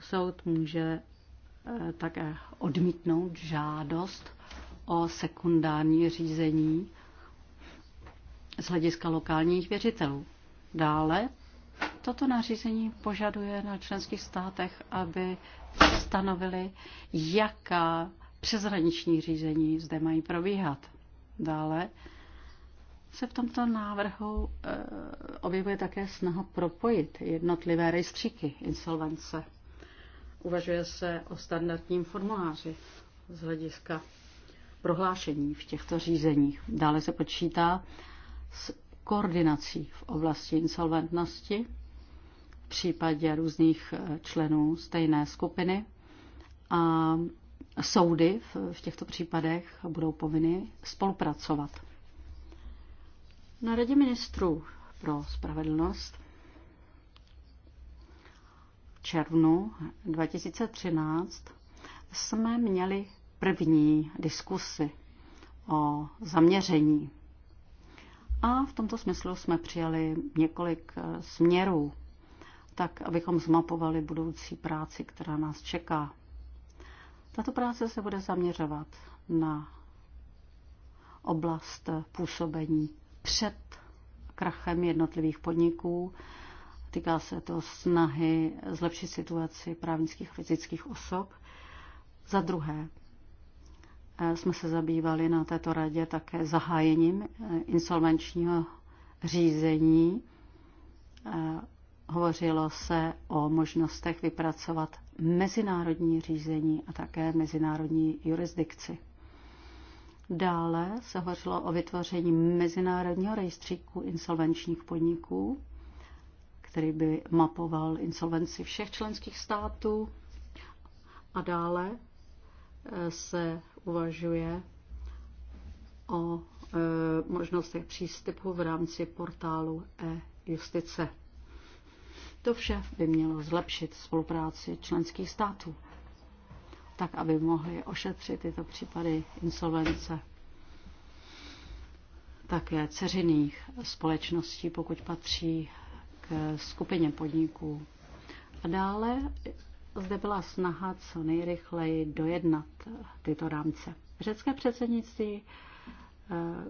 Soud může eh, také odmítnout žádost o sekundární řízení z hlediska lokálních věřitelů. Dále toto nařízení požaduje na členských státech, aby stanovili, jaká přeshraniční řízení zde mají probíhat. Dále se v tomto návrhu eh, objevuje také snaha propojit jednotlivé rejstříky insolvence. Uvažuje se o standardním formuláři z hlediska prohlášení v těchto řízeních. Dále se počítá s koordinací v oblasti insolventnosti v případě různých eh, členů stejné skupiny a soudy v těchto případech budou povinny spolupracovat. Na radě ministrů pro spravedlnost v červnu 2013 jsme měli první diskusy o zaměření. A v tomto smyslu jsme přijali několik eh, směrů, tak abychom zmapovali budoucí práci, která nás čeká. Tato práce se bude zaměřovat na oblast působení před krachem jednotlivých podniků. Týká se to snahy zlepšit situaci právnických a fyzických osob. Za druhé, eh, jsme se zabývali na této radě také zahájením eh, insolvenčního řízení. Eh, hovořilo se o možnostech vypracovat mezinárodní řízení a také mezinárodní jurisdikci. Dále se hovořilo o vytvoření mezinárodního rejstříku insolvenčních podniků, který by mapoval insolvenci všech členských států. A dále eh, se uvažuje o eh, možnostech přístupu v rámci portálu e-justice. To vše by mělo zlepšit spolupráci členských států tak aby mohli ošetřit tyto případy insolvence. Také ceřiných společností, pokud patří k skupině podniků. A dále zde byla snaha co nejrychleji dojednat tyto rámce. Řecké předsednictví eh,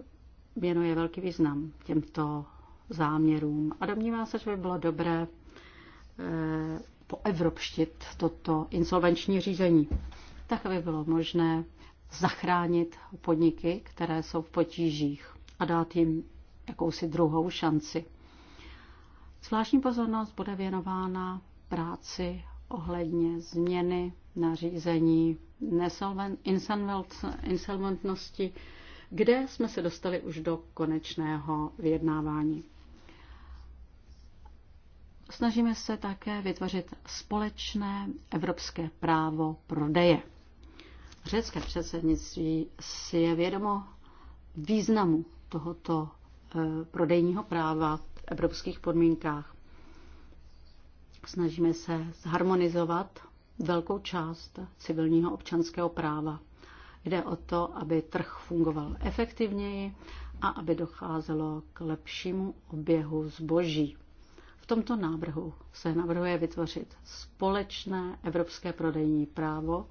věnuje velký význam těmto záměrům a domnívá se, že by bylo dobré eh, poevropštit toto insolvenční řízení, tak aby bylo možné zachránit podniky, které jsou v potížích a dát jim jakousi druhou šanci. Zvláštní pozornost bude věnována práci ohledně změny nařízení insolventnosti, kde jsme se dostali už do konečného vyjednávání. Snažíme se také vytvořit společné evropské právo prodeje. Řecké předsednictví si je vědomo významu tohoto eh, prodejního práva v evropských podmínkách. Snažíme se zharmonizovat velkou část civilního občanského práva. Jde o to, aby trh fungoval efektivněji a aby docházelo k lepšímu oběhu zboží. V tomto návrhu se navrhuje vytvořit společné evropské prodejní právo,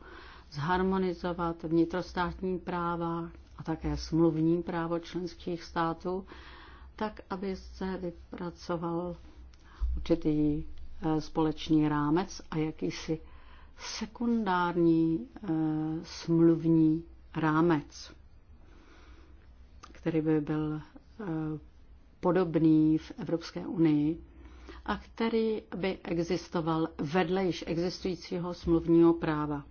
zharmonizovat vnitrostátní práva a také smluvní právo členských států, tak aby se vypracoval určitý eh, společný rámec a jakýsi sekundární eh, smluvní rámec, který by byl eh, podobný v Evropské unii a který by existoval vedle již existujícího smluvního práva.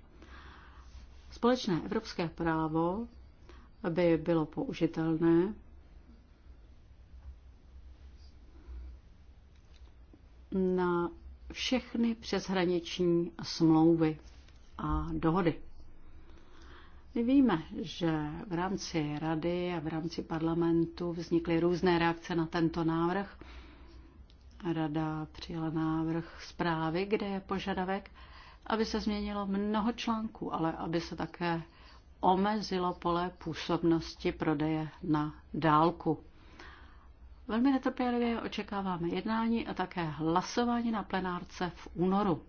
Společné evropské právo by bylo použitelné na všechny přeshraniční smlouvy a dohody. My víme, že v rámci rady a v rámci parlamentu vznikly různé reakce na tento návrh Rada přijala návrh zprávy, kde je požadavek, aby se změnilo mnoho článků, ale aby se také omezilo pole působnosti prodeje na dálku. Velmi netrpělivě očekáváme jednání a také hlasování na plenárce v únoru.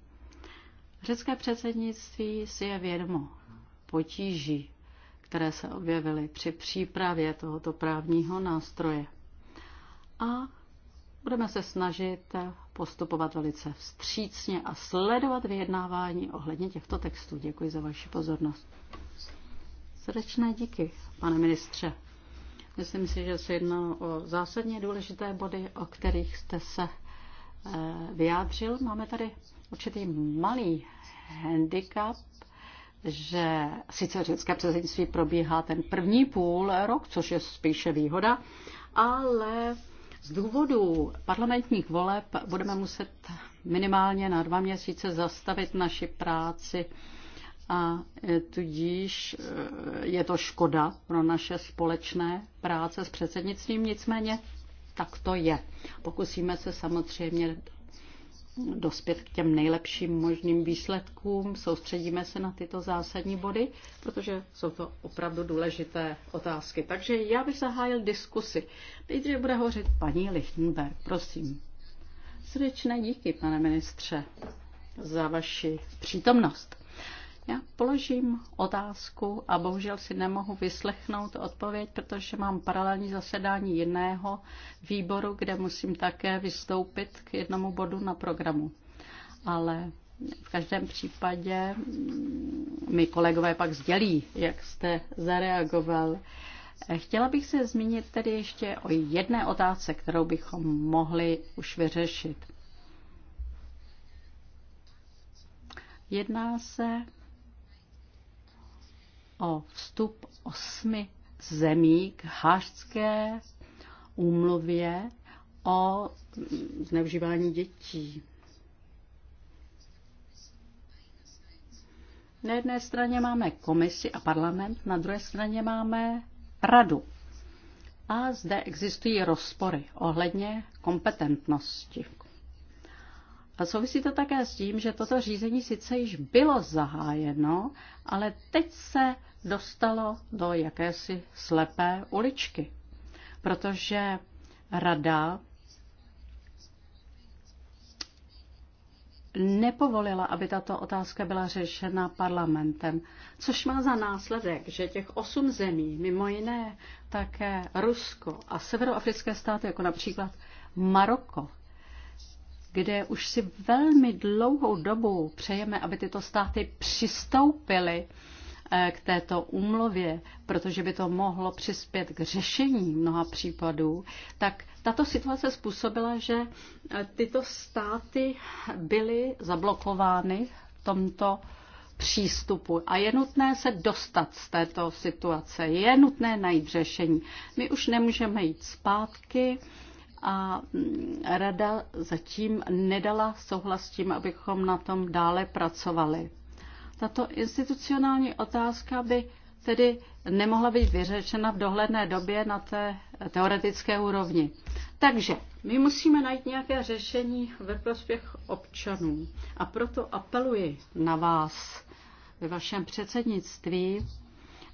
Řecké předsednictví si je vědomo potíží, které se objevily při přípravě tohoto právního nástroje. A Budeme se snažit postupovat velice vstřícně a sledovat vyjednávání ohledně těchto textů. Děkuji za vaši pozornost. Srdečné díky, pane ministře. Myslím si, že se jedná o zásadně důležité body, o kterých jste se eh, vyjádřil. Máme tady určitý malý handicap, že sice řecké předsednictví probíhá ten první půl rok, což je spíše výhoda, ale z důvodu parlamentních voleb budeme muset minimálně na dva měsíce zastavit naši práci a e, tudíž e, je to škoda pro naše společné práce s předsednictvím, nicméně tak to je. Pokusíme se samozřejmě dospět k těm nejlepším možným výsledkům. Soustředíme se na tyto zásadní body, protože jsou to opravdu důležité otázky. Takže já bych zahájil diskusi. Nejdříve bude hovořit paní Lichtenberg, prosím. Srdečné díky, pane ministře, za vaši přítomnost. Já položím otázku a bohužel si nemohu vyslechnout odpověď, protože mám paralelní zasedání jiného výboru, kde musím také vystoupit k jednomu bodu na programu. Ale v každém případě mm, mi kolegové pak sdělí, jak jste zareagoval. Chtěla bych se zmínit tedy ještě o jedné otázce, kterou bychom mohli už vyřešit. Jedná se o vstup osmi zemí k hářské úmluvě o zneužívání dětí. Na jedné straně máme komisi a parlament, na druhé straně máme radu. A zde existují rozpory ohledně kompetentnosti a souvisí to také s tím, že toto řízení sice již bylo zahájeno, ale teď se dostalo do jakési slepé uličky, protože rada nepovolila, aby tato otázka byla řešena parlamentem, což má za následek, že těch osm zemí, mimo jiné také Rusko a severoafrické státy, jako například Maroko, kde už si velmi dlouhou dobu přejeme, aby tyto státy přistoupily eh, k této úmluvě, protože by to mohlo přispět k řešení mnoha případů, tak tato situace způsobila, že eh, tyto státy byly zablokovány v tomto přístupu a je nutné se dostat z této situace, je nutné najít řešení. My už nemůžeme jít zpátky, a mm, rada zatím nedala souhlas s tím, abychom na tom dále pracovali. Tato institucionální otázka by tedy nemohla být vyřešena v dohledné době na té teoretické úrovni. Takže my musíme najít nějaké řešení ve prospěch občanů. A proto apeluji na vás ve vašem předsednictví,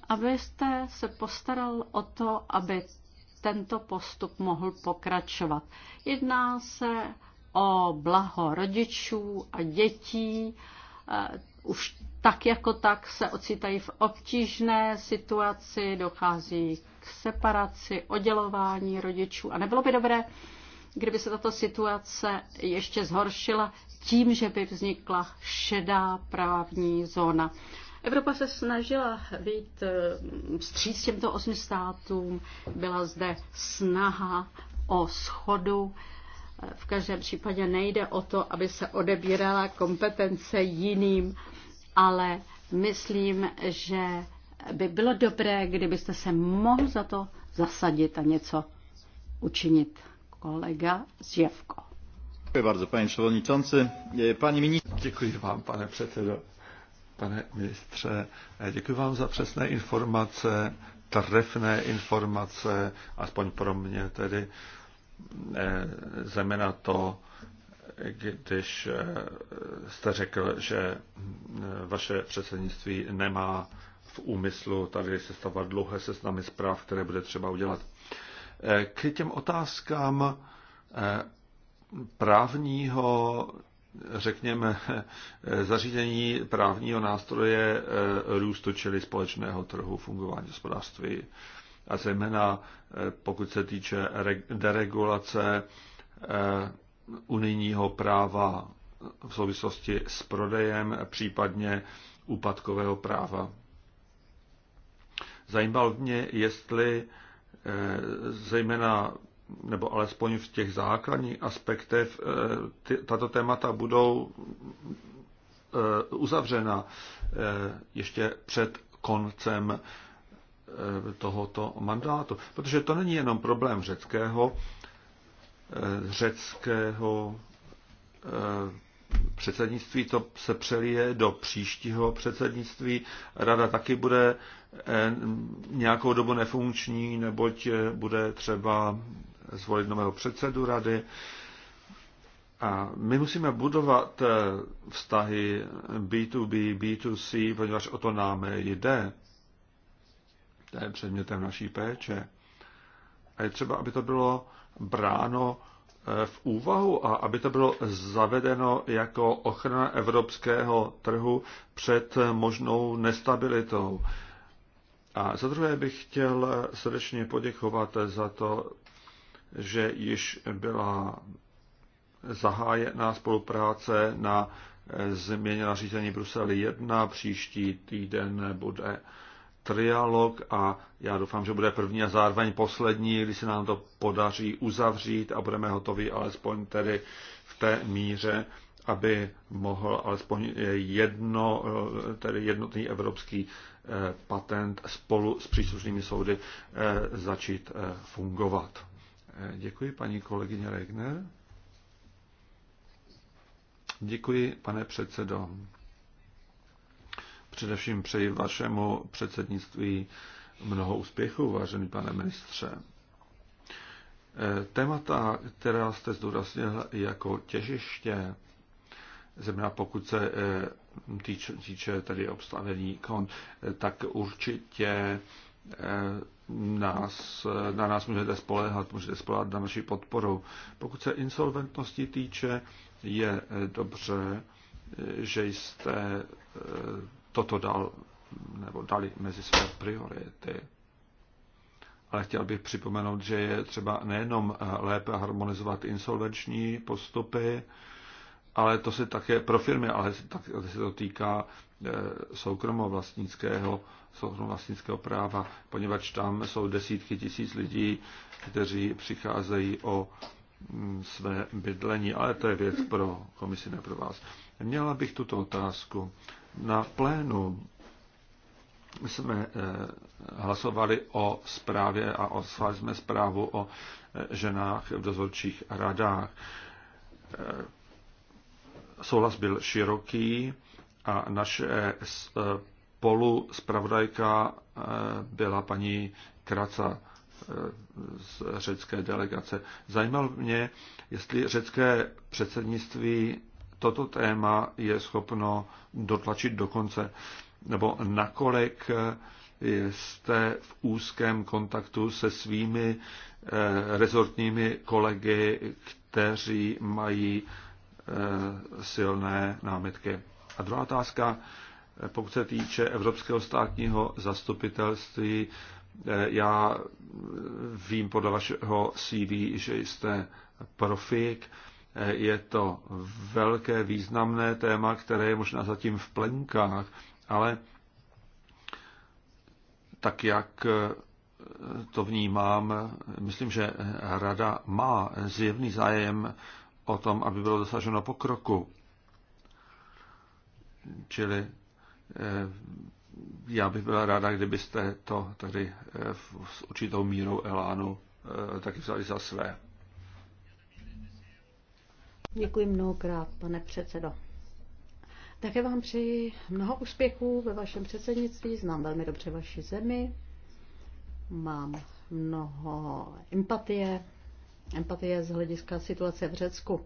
abyste se postaral o to, aby tento postup mohl pokračovat. Jedná se o blaho rodičů a dětí. Eh, už tak jako tak se ocitají v obtížné situaci, dochází k separaci, oddělování rodičů. A nebylo by dobré, kdyby se tato situace ještě zhoršila tím, že by vznikla šedá právní zóna. Evropa se snažila být eh, vstříc těmto osmi státům, byla zde snaha o schodu. Eh, v každém případě nejde o to, aby se odebírala kompetence jiným, ale myslím, že by bylo dobré, kdybyste se mohl za to zasadit a něco učinit. Kolega Zjevko. Děkuji bardzo, pane eh, Děkuji vám, pane předsedo pane ministře. Děkuji vám za přesné informace, trefné informace, aspoň pro mě tedy, eh, zejména to, když eh, jste řekl, že eh, vaše předsednictví nemá v úmyslu tady sestavovat dlouhé seznamy zpráv, které bude třeba udělat. K těm otázkám právního řekněme, zařízení právního nástroje eh, růstu, čili společného trhu fungování hospodářství. A zejména eh, pokud se týče deregulace eh, unijního práva v souvislosti s prodejem, případně úpadkového práva. Zajímalo mě, jestli zejména nebo alespoň v těch základních aspektech, eh, tato témata budou eh, uzavřena eh, ještě před koncem tohoto mandátu. Protože to není jenom problém řeckého, řeckého předsednictví, to se přelije do příštího předsednictví. Rada taky bude nějakou dobu nefunkční, neboť bude třeba zvolit nového předsedu rady. A my musíme budovat eh, vztahy B2B, B2C, poněvadž o to nám jde. To je předmětem naší péče. A je třeba, aby to bylo bráno eh, v úvahu a aby to bylo zavedeno jako ochrana evropského trhu před možnou nestabilitou. A za druhé bych chtěl srdečně poděkovat za to, že již byla zahájena spolupráce na eh, změně nařízení Brusel 1. Příští týden bude trialog a já doufám, že bude první a zároveň poslední, když se nám to podaří uzavřít a budeme hotovi alespoň tedy v té míře, aby mohl alespoň eh, jedno, eh, tedy jednotný evropský patent spolu s příslušnými soudy začít fungovat. Eh, děkuji, paní kolegyně Regner. Děkuji, pane předsedo. Především přeji vašemu předsednictví mnoho úspěchů, vážený pane ministře. Eh, témata, která jste zdůraznil jako těžiště, zejména pokud se eh, týče, týče tedy obstavení kon, tak určitě Eh, nás, eh, na nás můžete spolehat, můžete spolehat na naši podporu. Pokud se insolventnosti týče, je eh, dobře, že jste toto dal, nebo dali mezi své priority. Ale chtěl bych připomenout, že je třeba nejenom lépe harmonizovat insolvenční postupy, ale to se také pro firmy, ale také se to týká eh, soukromo vlastnického práva, poněvadž tam jsou desítky tisíc lidí, kteří přicházejí o mm, své bydlení, ale to je věc pro komisi, ne pro vás. Měla bych tuto otázku. Na plénu jsme eh, hlasovali o zprávě a oslali jsme zprávu o eh, ženách v dozorčích radách souhlas byl široký a naše eh, spolu zpravodajka eh, byla paní Kraca eh, z řecké delegace. Zajímalo mě, jestli řecké předsednictví toto téma je schopno dotlačit do konce, nebo nakolik jste v úzkém kontaktu se svými rezortními kolegy, kteří mají Eh, silné námitky. A druhá otázka, eh, pokud se týče Evropského státního zastupitelství, eh, já vím podle vašeho CV, že jste profik. Je to velké významné téma, které je možná zatím v plenkách, ale tak jak to vnímám, myslím, že Rada má zjevný zájem o tom, aby bylo dosaženo pokroku. Čili eh, já bych byla ráda, kdybyste to tady eh, s určitou mírou elánu eh, taky vzali za své. Děkuji mnohokrát, pane předsedo. Také vám přeji mnoho úspěchů ve vašem předsednictví, znám velmi dobře vaši zemi, mám mnoho empatie empatie z hlediska situace v Řecku.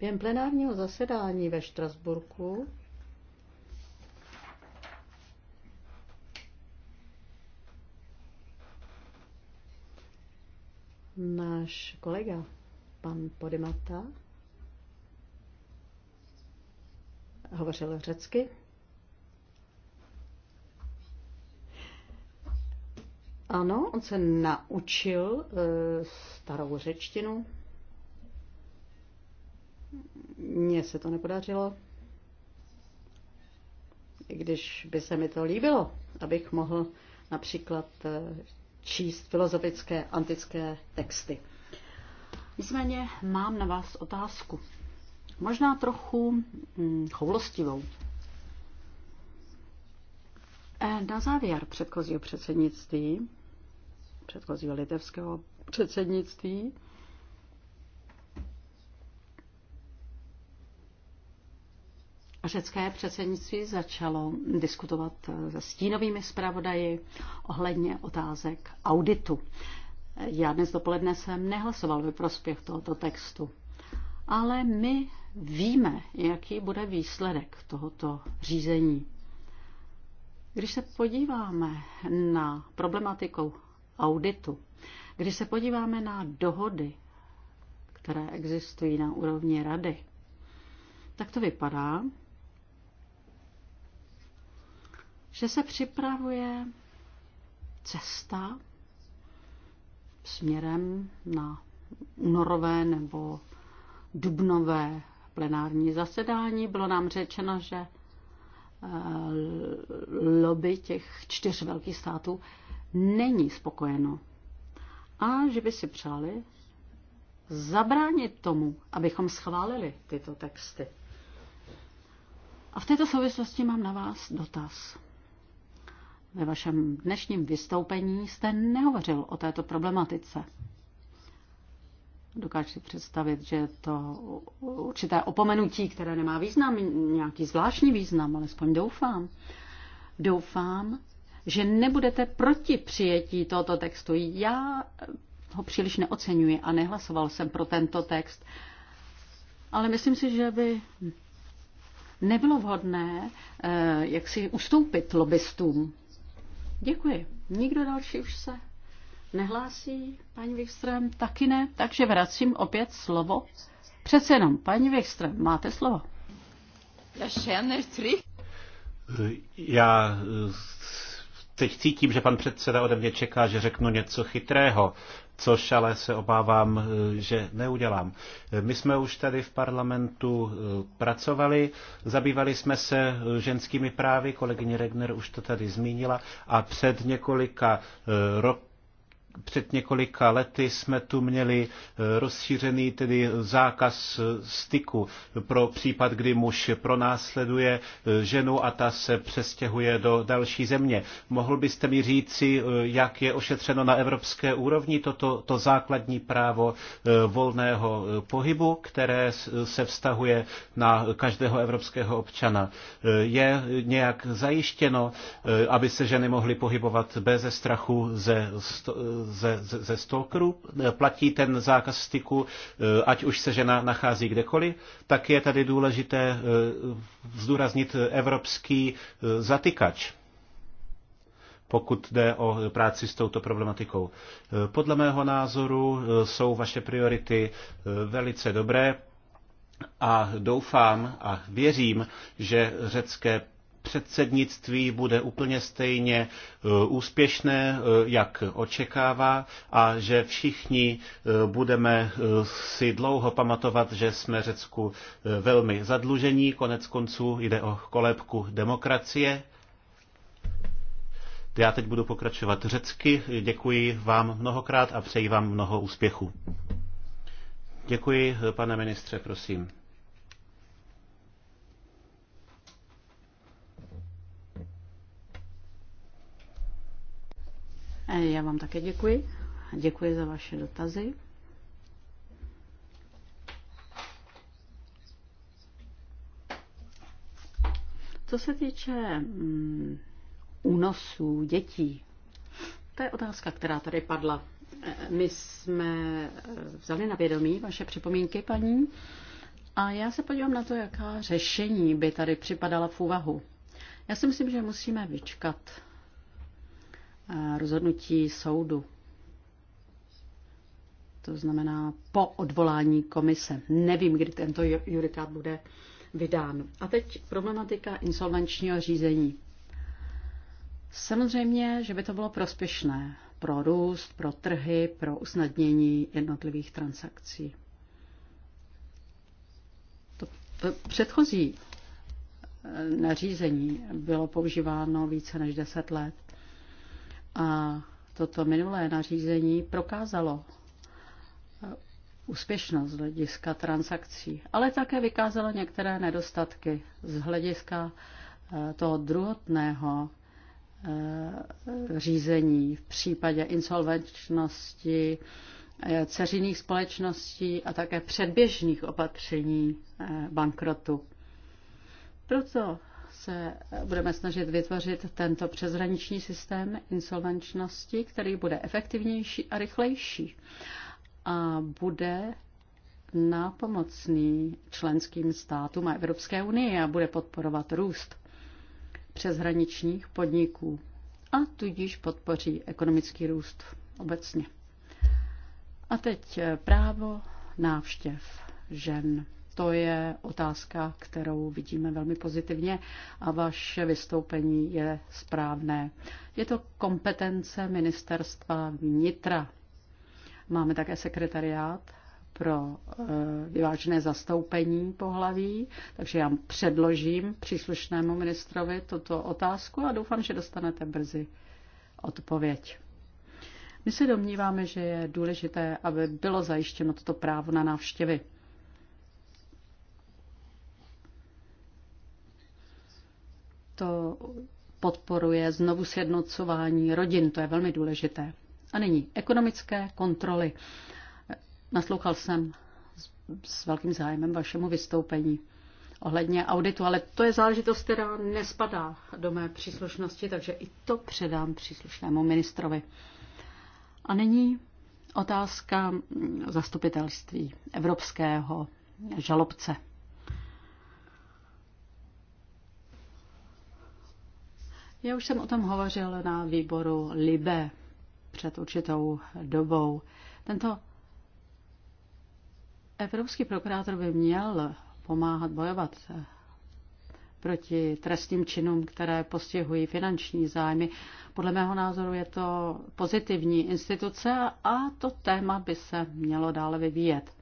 Během plenárního zasedání ve Štrasburku náš kolega, pan Podimata, hovořil řecky. Ano, on se naučil uh, starou řečtinu. Mně se to nepodařilo. I když by se mi to líbilo, abych mohl například uh, číst filozofické antické texty. Nicméně mám na vás otázku. Možná trochu hm, choulostivou. E, na závěr předchozího předsednictví, předchozího litevského předsednictví, řecké předsednictví začalo diskutovat se stínovými zpravodaji ohledně otázek auditu. Já dnes dopoledne jsem nehlasoval ve prospěch tohoto textu, ale my víme, jaký bude výsledek tohoto řízení. Když se podíváme na problematiku auditu, když se podíváme na dohody, které existují na úrovni rady, tak to vypadá, že se připravuje cesta směrem na únorové nebo dubnové plenární zasedání. Bylo nám řečeno, že Eh, lobby těch čtyř velkých států není spokojeno. A že by si přáli zabránit tomu, abychom schválili tyto texty. A v této souvislosti mám na vás dotaz. Ve vašem dnešním vystoupení jste nehovořil o této problematice. Dokážu si představit, že to určité opomenutí, které nemá význam, nějaký zvláštní význam, alespoň doufám. Doufám, že nebudete proti přijetí tohoto textu. Já ho příliš neocenuji a nehlasoval jsem pro tento text, ale myslím si, že by nebylo vhodné eh, jak si ustoupit lobbystům. Děkuji. Nikdo další už se nehlásí, paní Wikström taky ne, takže vracím opět slovo. Přece jenom, paní Wikström, máte slovo. Já eh, teď cítím, že pan předseda ode mě čeká, že řeknu něco chytrého, což ale se obávám, eh, že neudělám. Eh, my jsme už tady v parlamentu pracovali, zabývali jsme se ženskými právy, kolegyně Regner už to tady zmínila, a před několika roky před několika lety jsme tu měli e, rozšířený tedy zákaz e, styku pro případ, kdy muž pronásleduje e, ženu a ta se přestěhuje do další země. Mohl byste mi říci, jak je ošetřeno na evropské úrovni toto to základní právo volného pohybu, které se vztahuje na každého evropského občana? Je nějak zajištěno, aby se ženy mohly pohybovat bez strachu ze ze, ze, ze stalkerů, eh, platí ten zákaz styku, eh, ať už se žena nachází kdekoliv, tak je tady důležité eh, zdůraznit evropský zatykač pokud jde o práci s touto problematikou. Podle mého názoru jsou vaše priority velice dobré a doufám a věřím, že řecké předsednictví bude úplně stejně e, úspěšné, e, jak očekává, a že všichni e, budeme si dlouho pamatovat, že jsme Řecku velmi zadlužení. Konec konců jde o kolébku demokracie. Já teď budu pokračovat řecky. Děkuji vám mnohokrát a přeji vám mnoho úspěchu. Děkuji, pane ministře, prosím. Já vám také děkuji. Děkuji za vaše dotazy. Co se týče mm, únosů dětí, to je otázka, která tady padla. E, my jsme e, vzali na vědomí vaše připomínky, paní, a já se podívám na to, jaká řešení by tady připadala v úvahu. Já si myslím, že musíme vyčkat rozhodnutí soudu. To znamená po odvolání komise. Nevím, kdy tento judikát bude vydán. A teď problematika insolvenčního řízení. Samozřejmě, že by to bylo prospěšné pro růst, pro trhy, pro usnadnění jednotlivých transakcí. To předchozí eh, nařízení bylo používáno více než 10 let a toto minulé nařízení prokázalo eh, úspěšnost z hlediska transakcí, ale také vykázalo některé nedostatky z hlediska eh, toho druhotného eh, řízení v případě insolvenčnosti ceřiných společností a také předběžných opatření bankrotu. Proto se budeme snažit vytvořit tento přezraniční systém insolvenčnosti, který bude efektivnější a rychlejší a bude nápomocný členským státům a Evropské unii a bude podporovat růst přeshraničních podniků a tudíž podpoří ekonomický růst obecně. A teď právo návštěv žen to je otázka, kterou vidíme velmi pozitivně a vaše vystoupení je správné. Je to kompetence ministerstva vnitra. Máme také sekretariát pro eh, vyvážené zastoupení pohlaví, takže já předložím příslušnému ministrovi tuto otázku a doufám, že dostanete brzy odpověď. My se domníváme, že je důležité, aby bylo zajištěno toto právo na návštěvy. to podporuje znovu sjednocování rodin, to je velmi důležité. A nyní ekonomické kontroly. Naslouchal jsem s, s velkým zájmem vašemu vystoupení ohledně auditu, ale to je záležitost, která nespadá do mé příslušnosti, takže i to předám příslušnému ministrovi. A nyní otázka zastupitelství evropského žalobce. Já už jsem o tom hovořil na výboru LIBE před určitou dobou. Tento evropský prokurátor by měl pomáhat bojovat proti trestním činům, které postihují finanční zájmy. Podle mého názoru je to pozitivní instituce a to téma by se mělo dále vyvíjet.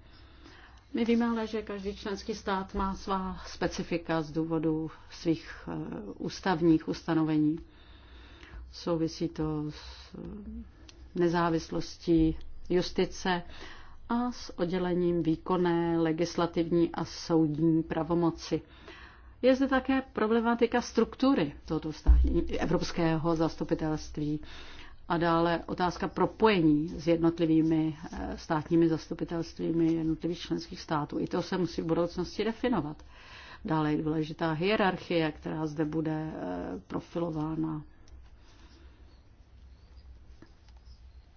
My víme ale, že každý členský stát má svá specifika z důvodu svých eh, ústavních ustanovení. Souvisí to s eh, nezávislostí justice a s oddělením výkonné, legislativní a soudní pravomoci. Je zde také problematika struktury tohoto státní, evropského zastupitelství. A dále otázka propojení s jednotlivými eh, státními zastupitelstvími jednotlivých členských států. I to se musí v budoucnosti definovat. Dále je důležitá hierarchie, která zde bude eh, profilována.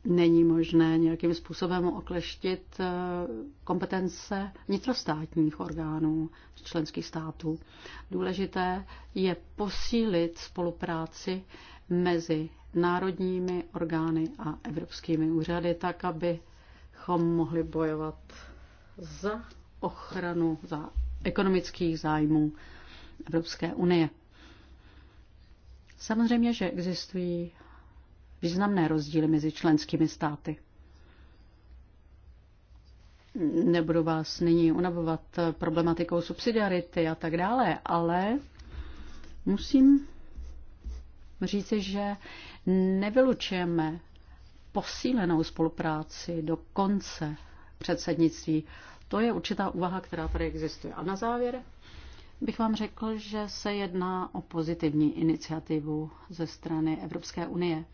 Není možné nějakým způsobem okleštit eh, kompetence vnitrostátních orgánů členských států. Důležité je posílit spolupráci mezi národními orgány a evropskými úřady, tak abychom mohli bojovat za ochranu, za ekonomických zájmů Evropské unie. Samozřejmě, že existují významné rozdíly mezi členskými státy. Nebudu vás nyní unavovat problematikou subsidiarity a tak dále, ale musím říci, že nevylučujeme posílenou spolupráci do konce předsednictví. To je určitá úvaha, která tady existuje. A na závěr bych vám řekl, že se jedná o pozitivní iniciativu ze strany Evropské unie.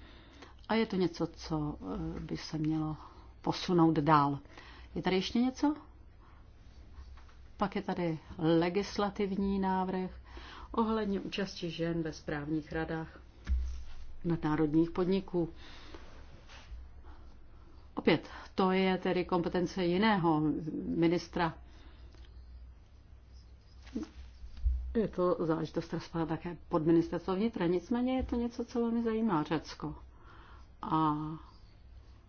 A je to něco, co eh, by se mělo posunout dál. Je tady ještě něco? Pak je tady legislativní návrh ohledně účasti žen ve správních radách nadnárodních podniků. Opět, to je tedy kompetence jiného ministra. Je to záležitost, která spadá také pod ministerstvo vnitra. Nicméně je to něco, co velmi zajímá Řecko. A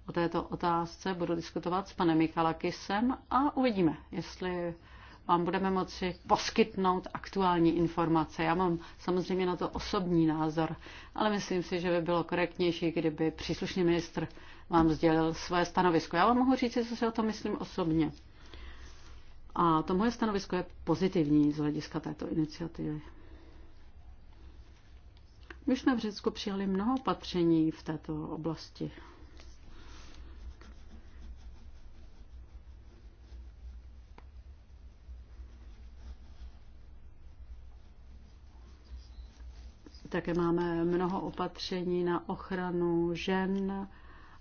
o této otázce budu diskutovat s panem Mikalakisem a uvidíme, jestli vám budeme moci poskytnout aktuální informace. Já mám samozřejmě na to osobní názor, ale myslím si, že by bylo korektnější, kdyby příslušný ministr vám sdělil své stanovisko. Já vám mohu říct, co si o tom myslím osobně. A to moje stanovisko je pozitivní z hlediska této iniciativy. My jsme v Řecku přijali mnoho opatření v této oblasti. Také máme mnoho opatření na ochranu žen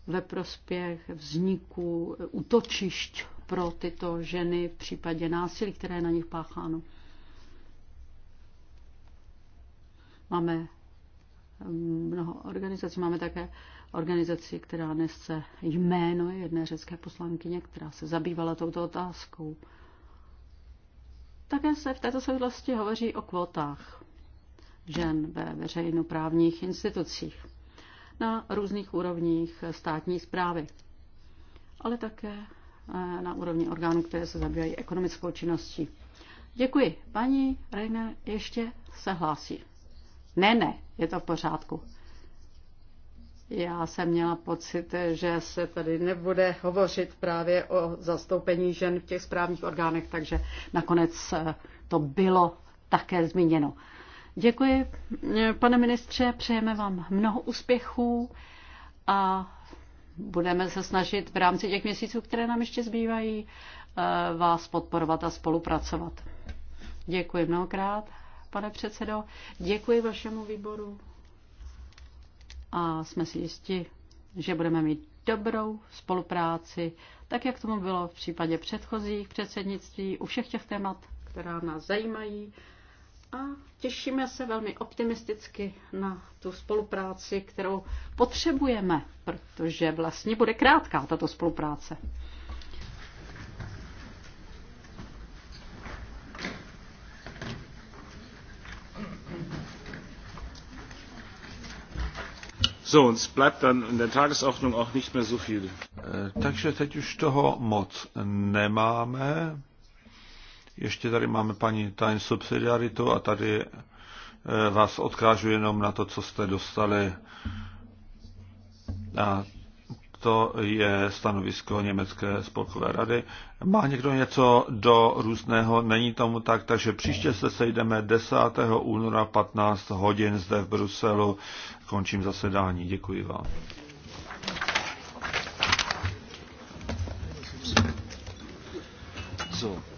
ve prospěch vzniku útočišť pro tyto ženy v případě násilí, které je na nich pácháno. Máme mm, mnoho organizací, máme také organizaci, která nese jméno jedné řecké poslankyně, která se zabývala touto otázkou. Také se v této souvislosti hovoří o kvotách žen ve veřejnoprávních institucích na různých úrovních státní zprávy, ale také eh, na úrovni orgánů, které se zabývají ekonomickou činností. Děkuji. Paní Reiner ještě se hlásí. Ne, ne, je to v pořádku. Já jsem měla pocit, že se tady nebude hovořit právě o zastoupení žen v těch správních orgánech, takže nakonec eh, to bylo také zmíněno. Děkuji, eh, pane ministře, přejeme vám mnoho úspěchů a budeme se snažit v rámci těch měsíců, které nám ještě zbývají, eh, vás podporovat a spolupracovat. Děkuji mnohokrát, pane předsedo. Děkuji vašemu výboru a jsme si jisti, že budeme mít dobrou spolupráci, tak jak tomu bylo v případě předchozích předsednictví u všech těch témat, která nás zajímají a těšíme se velmi optimisticky na tu spolupráci, kterou potřebujeme, protože vlastně bude krátká tato spolupráce. So, uns bleibt dann in der Tagesordnung auch nicht mehr so viel. Eh, takže teď už toho moc nemáme. Ještě tady máme paní Time Subsidiaritu a tady eh, vás odkážu jenom na to, co jste dostali. A to je stanovisko Německé spolkové rady. Má někdo něco do různého? Není tomu tak, takže příště se sejdeme 10. února 15 hodin zde v Bruselu. Končím zasedání. Děkuji vám. So.